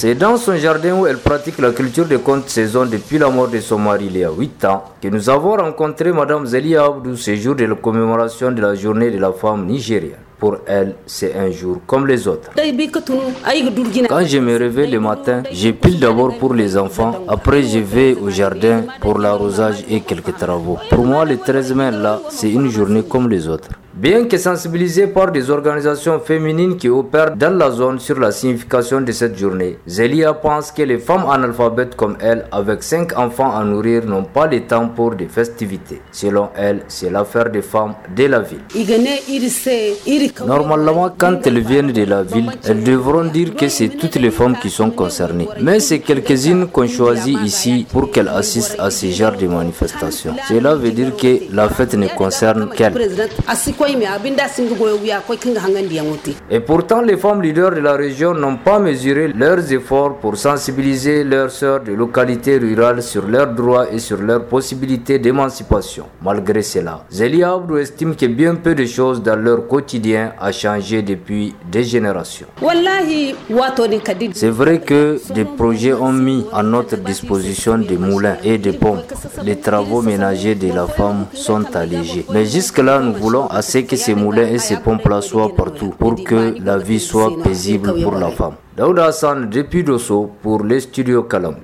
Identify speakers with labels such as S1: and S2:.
S1: C'est dans son jardin où elle pratique la culture de contre saison depuis la mort de son mari il y a 8 ans que nous avons rencontré Madame zélie Abdou ce jour de la commémoration de la journée de la femme nigérienne. Pour elle, c'est un jour comme les autres. Quand je me réveille le matin, je pile d'abord pour les enfants. Après, je vais au jardin pour l'arrosage et quelques travaux. Pour moi, le 13 mai, là, c'est une journée comme les autres. Bien que sensibilisée par des organisations féminines qui opèrent dans la zone sur la signification de cette journée, Zelia pense que les femmes analphabètes comme elle, avec cinq enfants à nourrir, n'ont pas le temps pour des festivités. Selon elle, c'est l'affaire des femmes de la ville. Normalement, quand elles viennent de la ville, elles devront dire que c'est toutes les femmes qui sont concernées. Mais c'est quelques-unes qu'on choisit ici pour qu'elles assistent à ce genre de manifestations. Cela veut dire que la fête ne concerne qu'elles. Et pourtant, les femmes leaders de la région n'ont pas mesuré leurs efforts pour sensibiliser leurs sœurs de localités rurales sur leurs droits et sur leurs possibilités d'émancipation. Malgré cela, Zélia estime que bien peu de choses dans leur quotidien a changé depuis des générations. C'est vrai que des projets ont mis à notre disposition des moulins et des pompes. Les travaux ménagers de la femme sont allégés. Mais jusque-là, nous voulons assez que ces moulins et ces pompes-là soient partout pour que la vie soit paisible pour la femme. Daouda Hassan depuis pour les studios Kalam.